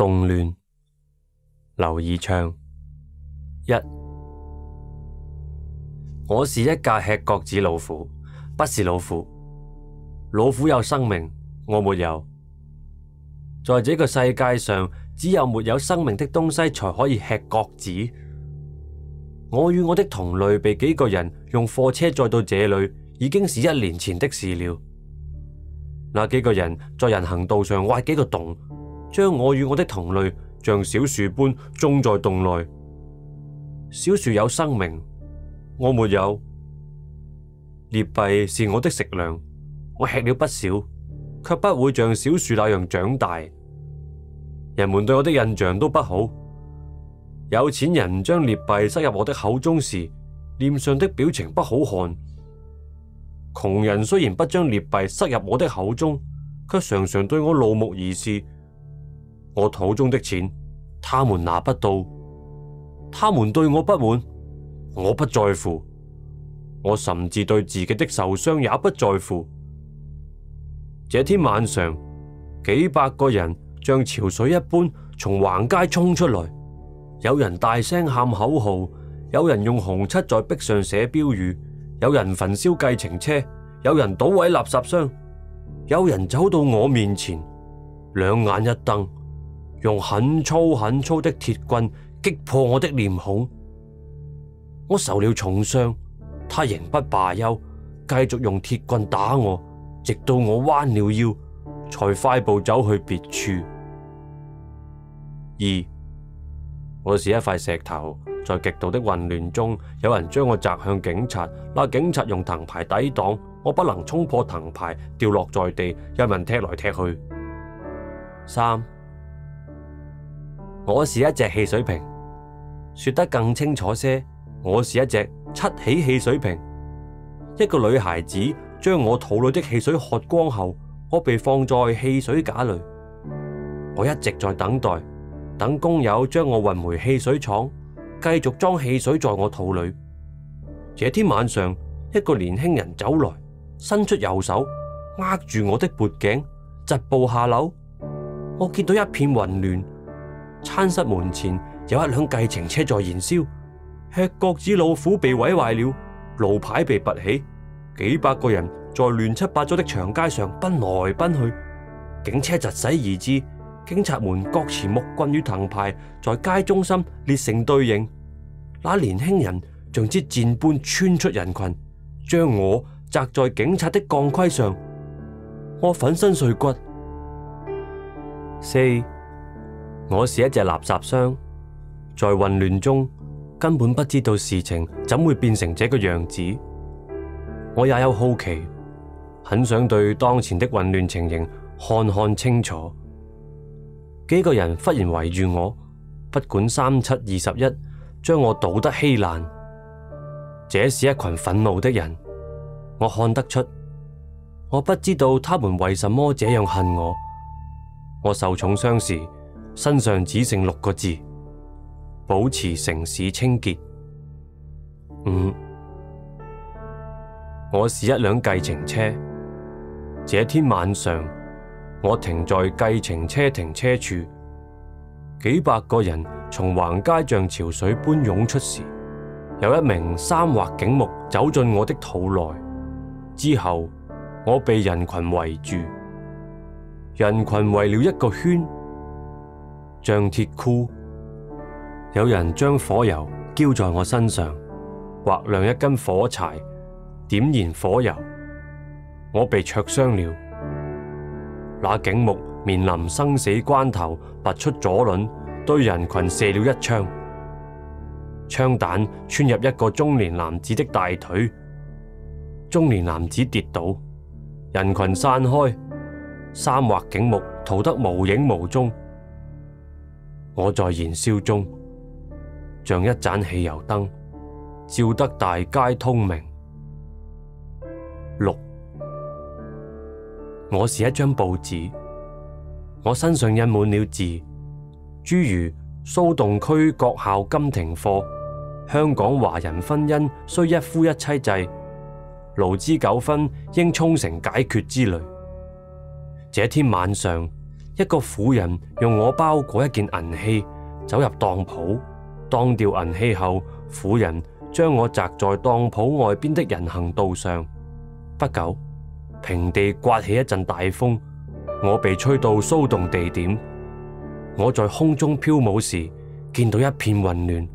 動亂，劉以鬯：「一，我是一架吃角子老虎，不是老虎。老虎有生命，我沒有。在這個世界上，只有沒有生命的東西才可以吃角子。我與我的同類被幾個人用貨車載到這裏，已經是一年前的事了。那幾個人在人行道上挖幾個洞。將我與我的同類像小樹般種在洞內。小樹有生命，我沒有。鎳幣是我的食糧，我吃了不少，卻不會像小樹那樣長大。人們對我的印象都不好。有錢人將鎳幣塞入我的口中時，臉上的表情不好看。窮人雖然不將鎳幣塞入我的口中，卻常常對我怒目而視。我肚中的錢，他們拿不到，他們對我不滿，我不在乎，我甚至對自己的受傷也不在乎。這天晚上，幾百個人像潮水一般從橫街衝出來，有人大聲喊口號，有人用紅漆在壁上寫標語，有人焚燒計程車，有人搗毀垃圾箱，有人走到我面前，兩眼一瞪。用很粗很粗的鐵棍擊破我的臉孔，我受了重傷，他仍不罷休，繼續用鐵棍打我，直到我彎了腰，才快步走去別處。二，我是一塊石頭，在極度的混亂中，有人將我砸向警察，那警察用藤牌抵擋，我不能衝破藤牌，掉落在地，有人踢來踢去。三。我是一隻汽水瓶，說得更清楚些，我是一隻七喜汽水瓶。一個女孩子將我肚裏的汽水喝光後，我被放在汽水架裏。我一直在等待，等工友將我運回汽水廠，繼續裝汽水在我肚裏。這天晚上，一個年輕人走來，伸出右手，握住我的脖頸，疾步下樓。我見到一片混亂。餐室門前有一輛計程車在燃燒，吃角子老虎被毀壞了，路牌被拔起，幾百個人在亂七八糟的長街上奔來奔去，警車疾駛而至，警察們各持木棍與藤牌在街中心列成隊形，那年輕人像支箭般穿出人群，將我砸在警察的鋼盔上，我粉身碎骨。四。我是一隻垃圾箱，在混亂中根本不知道事情怎會變成這個樣子。我也有好奇，很想對當前的混亂情形看看清楚。幾個人忽然圍住我，不管三七二十一，將我搗得稀爛。這是一群憤怒的人，我看得出。我不知道他們為什麼這樣恨我。我受重傷時，身上只剩六個字：保持城市清潔。五，我是一輛計程車。這天晚上，我停在計程車停車處，幾百個人從橫街像潮水般湧出時，有一名三劃警目走進我的肚內，之後我被人群圍住，人群圍了一個圈。像鐵箍，有人將火油澆在我身上，劃亮一根火柴，點燃火油。我被灼傷了。那警目面臨生死關頭，拔出左輪，對人群射了一槍，槍彈穿入一個中年男子的大腿，中年男子跌倒，人群散開，三劃警目逃得無影無蹤。我在燃燒中，像一盞汽油燈，照得大街通明。六，我是一張報紙，我身上印滿了字，諸如蘇洞區各校金停課，香港華人婚姻需一夫一妻制，勞資糾紛應冲成解決之類。這天晚上。一個婦人用我包裹一件銀器，走入當鋪，當掉銀器後，婦人將我擲在當鋪外邊的人行道上。不久，平地刮起一陣大風，我被吹到騷動地點。我在空中飄舞時，見到一片混亂，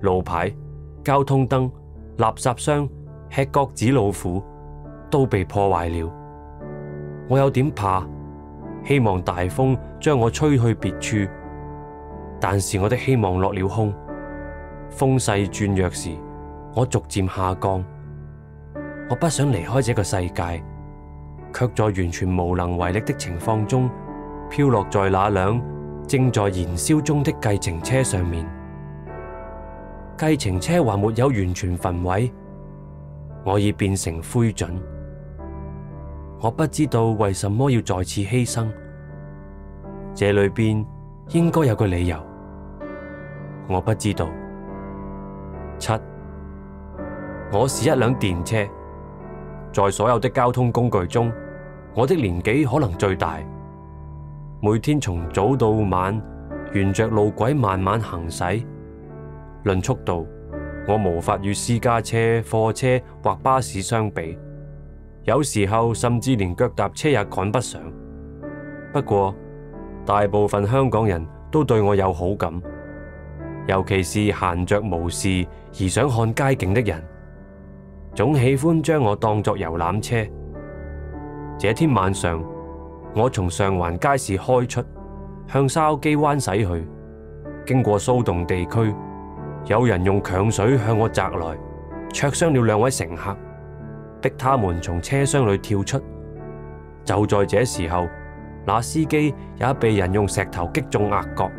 路牌、交通燈、垃圾箱、吃角子老虎都被破壞了。我有點怕。希望大風將我吹去別處，但是我的希望落了空。風勢轉弱時，我逐漸下降。我不想離開這個世界，卻在完全無能為力的情況中，飄落在那輛正在燃燒中的計程車上面。計程車還沒有完全焚毀，我已變成灰燼。我不知道為什麼要再次犧牲，這裏邊應該有個理由。我不知道。七，我是一輛電車，在所有的交通工具中，我的年紀可能最大。每天從早到晚，沿著路軌慢慢行駛。論速度，我無法與私家車、貨車或巴士相比。有時候甚至連腳踏車也趕不上。不過，大部分香港人都對我有好感，尤其是閒着無事而想看街景的人，總喜歡將我當作遊覽車。這天晚上，我從上環街市開出，向筲箕灣駛去，經過蘇洞地區，有人用強水向我砸來，灼傷了兩位乘客。逼他們從車廂裏跳出。就在這時候，那司機也被人用石頭擊中額角，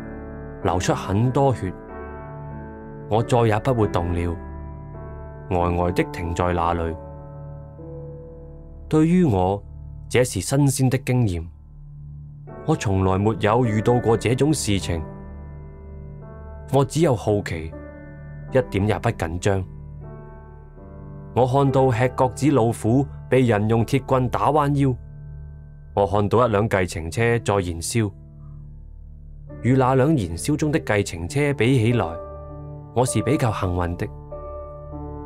流出很多血。我再也不會動了，呆呆的停在那裏。對於我，這是新鮮的經驗，我從來沒有遇到過這種事情。我只有好奇，一點也不緊張。我看到吃角子老虎被人用鐵棍打彎腰，我看到一輛計程車在燃燒，與那輛燃燒中的計程車比起來，我是比較幸運的。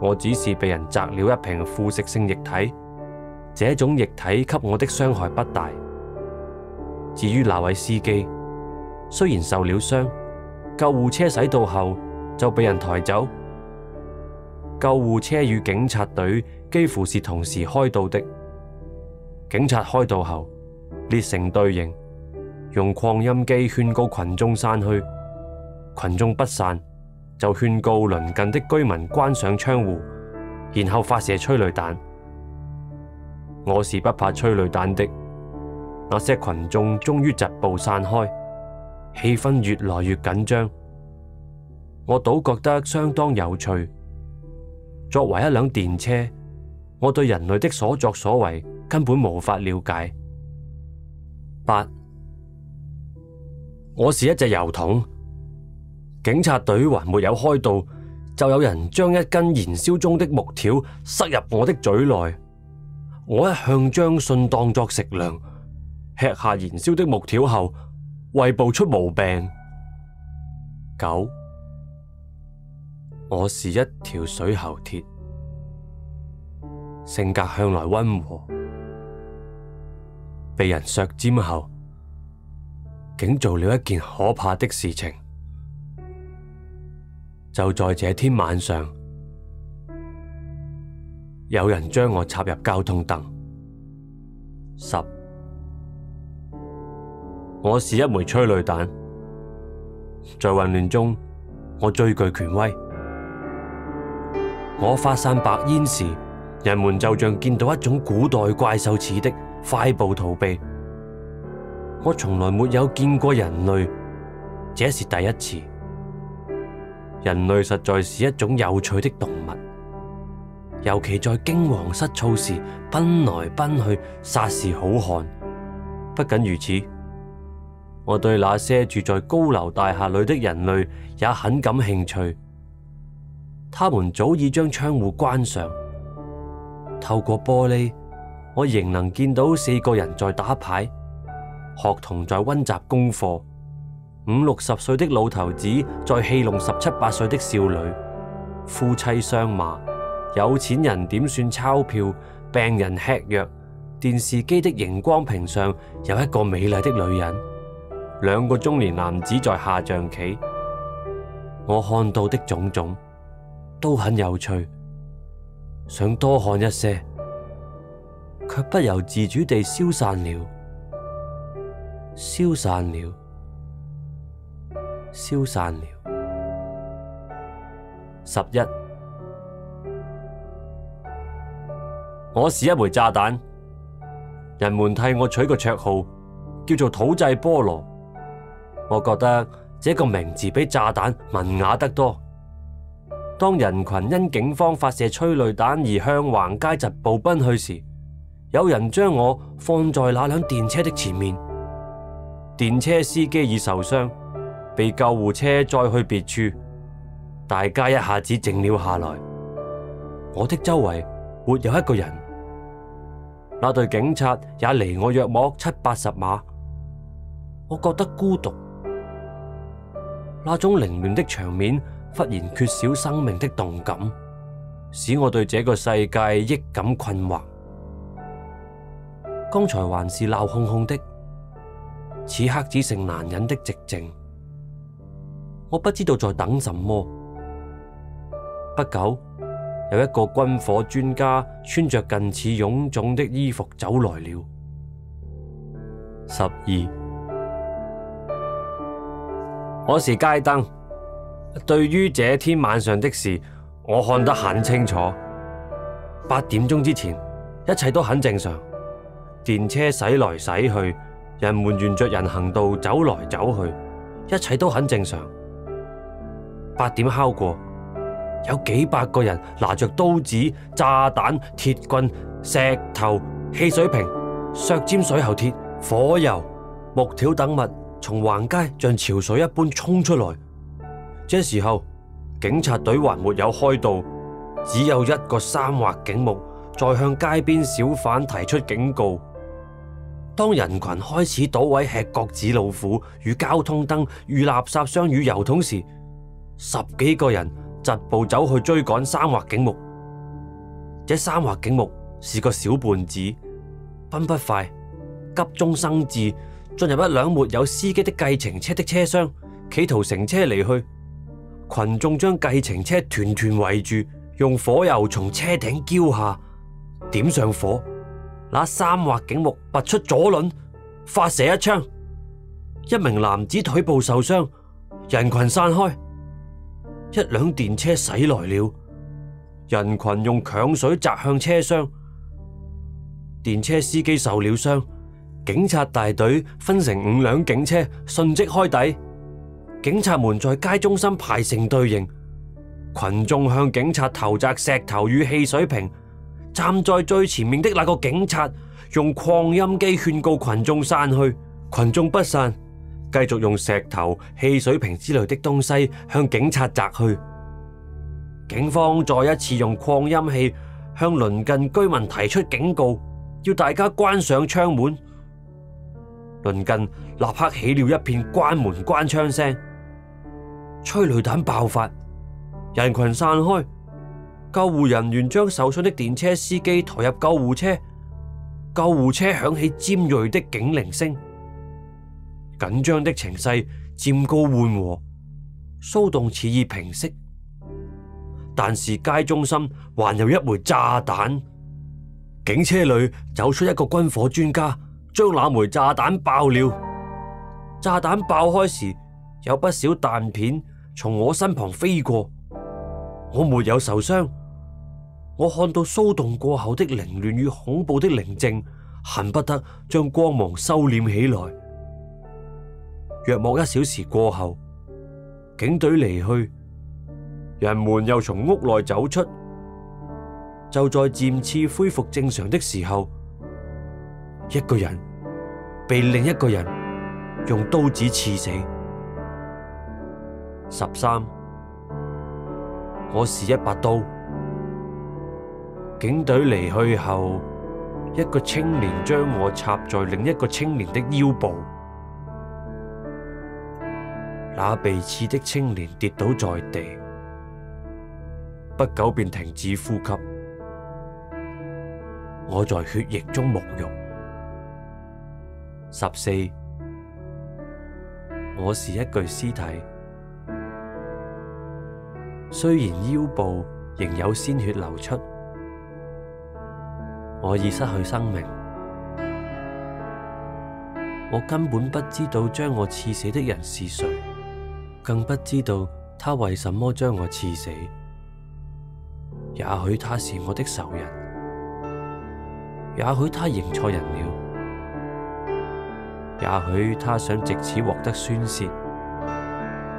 我只是被人砸了一瓶腐蝕性液體，這種液體給我的傷害不大。至於那位司機，雖然受了傷，救護車駛到後就被人抬走。救護車與警察隊幾乎是同時開到的。警察開到後，列成隊形，用擴音機勸告群眾散去。群眾不散，就勸告鄰近的居民關上窗戶，然後發射催淚彈。我是不怕催淚彈的。那些群眾終於疾步散開，氣氛越來越緊張。我倒覺得相當有趣。作為一輛電車，我對人類的所作所為根本無法了解。八，我是一隻油桶，警察隊還沒有開到，就有人將一根燃燒中的木條塞入我的嘴內。我一向將信當作食糧，吃下燃燒的木條後，胃部出毛病。九。我是一條水喉鐵，性格向來溫和，被人削尖後，竟做了一件可怕的事情。就在這天晚上，有人將我插入交通燈。十，我是一枚催淚彈，在混亂中，我最具權威。我發散白煙時，人們就像見到一種古代怪獸似的快步逃避。我從來沒有見過人類，這是第一次。人類實在是一種有趣的動物，尤其在驚惶失措時奔來奔去，煞是好看。不僅如此，我對那些住在高樓大廈裏的人類也很感興趣。他們早已將窗戶關上，透過玻璃，我仍能見到四個人在打牌，學童在溫習功課，五六十歲的老頭子在戲弄十七八歲的少女，夫妻相罵，有錢人點算鈔票，病人吃藥，電視機的熒光屏上有一個美麗的女人，兩個中年男子在下象棋，我看到的種種。都很有趣，想多看一些，卻不由自主地消散了，消散了，消散了。十一，我是一枚炸彈，人們替我取個綽號，叫做土製菠蘿。我覺得這個名字比炸彈文雅得多。當人群因警方發射催淚彈而向橫街疾步奔去時，有人將我放在那輛電車的前面。電車司機已受傷，被救護車載去別處。大家一下子靜了下來。我的周圍沒有一個人，那隊警察也離我約莫七八十碼。我覺得孤獨，那種凌亂的場面。忽然缺少生命的動感，使我對這個世界益感困惑。剛才還是鬧哄哄的，此刻只剩難忍的寂靜。我不知道在等什麼。不久，有一個軍火專家穿着近似臃腫的衣服走來了。十二，我是街燈。對於這天晚上的事，我看得很清楚。八點鐘之前，一切都很正常，電車駛來駛去，人們沿着人行道走來走去，一切都很正常。八點敲過，有幾百個人拿着刀子、炸彈、鐵棍、石頭、汽水瓶、削尖水喉鐵、火油、木條等物，從橫街像潮水一般衝出來。這時候警察隊還沒有開道，只有一個三劃警目在向街邊小販提出警告。當人群開始倒位吃角子老虎與交通燈與垃圾箱與油桶時，十幾個人疾步走去追趕三劃警目。這三劃警目是個小胖子，奔不快，急中生智，進入一輛沒有司機的計程車的車廂，企圖乘車離去。群眾將計程車團團圍住，用火油從車頂澆下，點上火，那三劃警木拔出左輪，發射一槍，一名男子腿部受傷，人群散開，一輛電車駛來了，人群用強水砸向車廂，電車司機受了傷，警察大隊分成五輛警車，瞬即開抵。警察們在街中心排成隊形，群眾向警察投擲石頭與汽水瓶。站在最前面的那個警察用擴音機勸告群眾散去，群眾不散，繼續用石頭、汽水瓶之類的東西向警察砸去。警方再一次用擴音器向鄰近居民提出警告，要大家關上窗門。鄰近立刻起了一片關門關窗聲。催淚彈爆發，人群散開，救護人員將受傷的電車司機抬入救護車，救護車響起尖銳的警鳴聲。緊張的情勢漸高緩和，騷動似已平息。但是街中心還有一枚炸彈，警車裏走出一個軍火專家，將那枚炸彈爆了。炸彈爆開時，有不少彈片。從我身旁飛過，我沒有受傷。我看到騷動過後的凌亂與恐怖的寧靜，恨不得將光芒收斂起來。約莫一小時過後，警隊離去，人們又從屋內走出。就在漸次恢復正常的時候，一個人被另一個人用刀子刺死。十三，我是一把刀。警隊離去後，一個青年將我插在另一個青年的腰部，那被刺的青年跌倒在地，不久便停止呼吸。我在血液中沐浴。十四，我是一具屍體。雖然腰部仍有鮮血流出，我已失去生命。我根本不知道將我刺死的人是誰，更不知道他為什麼將我刺死。也許他是我的仇人，也許他認錯人了，也許他想藉此獲得宣洩，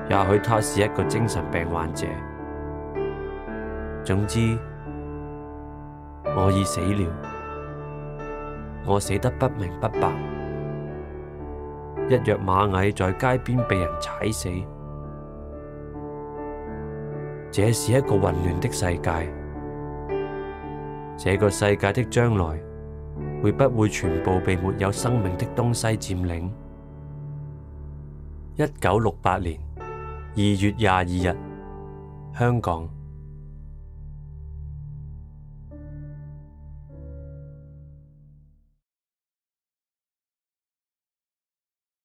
也許他是一個精神病患者。總之，我已死了，我死得不明不白。一若螞蟻在街邊被人踩死，這是一個混亂的世界。這個世界的將來會不會全部被沒有生命的東西佔領？一九六八年二月廿二日，香港。